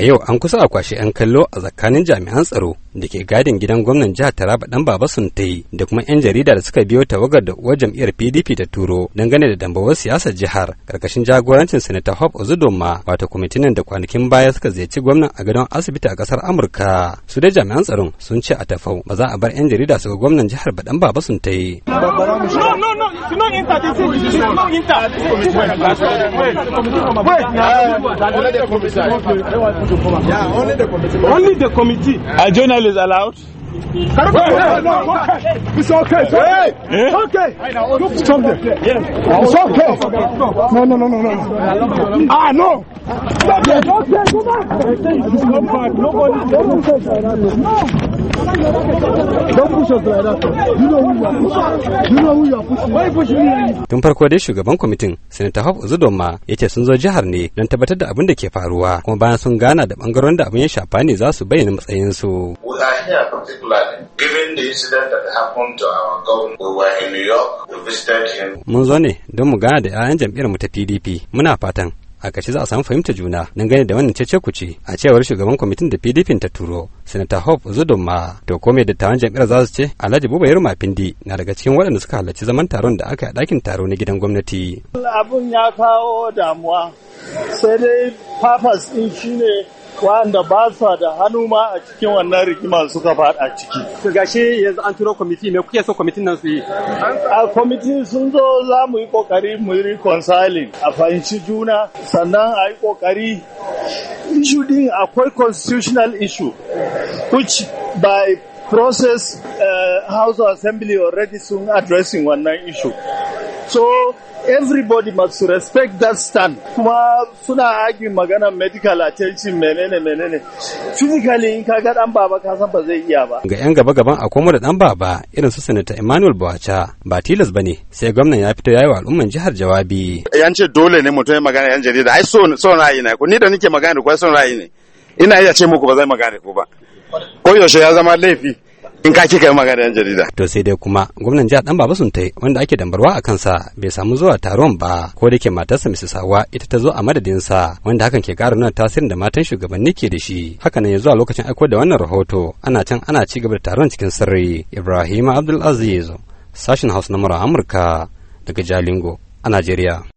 a yau an kusa a 'yan kallo a tsakanin jami'an tsaro da ke gadin gidan gwamnan jihar taraba dan baba sun suntai da kuma 'yan jarida da suka biyo tawagar da uwar jam'iyyar pdp ta turo dangane da dambawar siyasar jihar karkashin jagorancin sanata hope ozudoma wato kwamitinan da kwanakin baya suka ziyarci gwamnan a gadon asibiti a kasar amurka su da jami'an tsaron sun ce a tafau ba za a bar 'yan jarida su ga gwamnan jihar ba dan baba no. you Inter, they say you know Inter. Wait, only the committee. Only the committee. Are journalists allowed? It's okay. It's okay. It's okay. It's okay. No, no, no, no, no. Ah, no. Tun farko dai shugaban kwamitin, Sanata Hope Uzudoma, ya ce sun zo jihar ne don tabbatar da abin da ke faruwa, kuma bayan sun gana da bangaren da abin ya shafa ne za su bayyana matsayinsu. su Mun zo ne don mu gana da 'ya'yan jam'iyyar mu ta PDP. Muna fatan a kashi za a samu fahimta juna gani da wannan cece kuce a cewar shugaban kwamitin da PDP ta turo Sanata Hope ma to ko da dattawan jam'iyyar za su ce Alhaji Buba Yarma Findi na daga cikin waɗanda suka halarci zaman taron da aka yi a ɗakin taro na gidan gwamnati. Abun ya kawo damuwa sai dai papas ɗin shine wanda ba su da hannu ma a cikin wannan rigima suka faɗa ciki. To gashi yanzu an turo kwamiti me kuke so kwamitin nan su yi? A kwamiti sun zo za mu yi kokari mu yi reconciling a fahimci juna sannan a yi kokari issue akwai constitutional issue which by process uh, House of Assembly already sun addressing wannan issue. So everybody must respect that stand. Kuma suna agi magana medical attention menene menene. Physically in ka ga dan baba ka san ba zai iya ba. Ga yan gaba gaban akwai mu da dan baba irin su senator Emmanuel Bawacha ba tilas bane sai gwamnati ya fito yayi wa al'umman jihar jawabi. Yan ce dole ne mutum ya magana yan jarida ai so so ra'ayi ne. ko ni da nake magana ku son ra'ayi ne. Ina iya ce muku ba zai magana ku ba. Ko yaushe ya zama laifi. in ka kika yi magana yan jarida. To sai dai kuma gwamnan jihar Dan Baba Suntai wanda ake dambarwa a kansa bai samu zuwa taron ba ko da ke matarsa Mrs. Sawa ita ta zo a madadin sa wanda hakan ke ƙara nuna tasirin da matan shugabanni ke da shi. Hakanan ya zuwa lokacin aiko da wannan rahoto ana can ana ci gaba da taron cikin sirri. Ibrahim Abdulaziz sashen Hausa na Amurka daga Jalingo a Najeriya.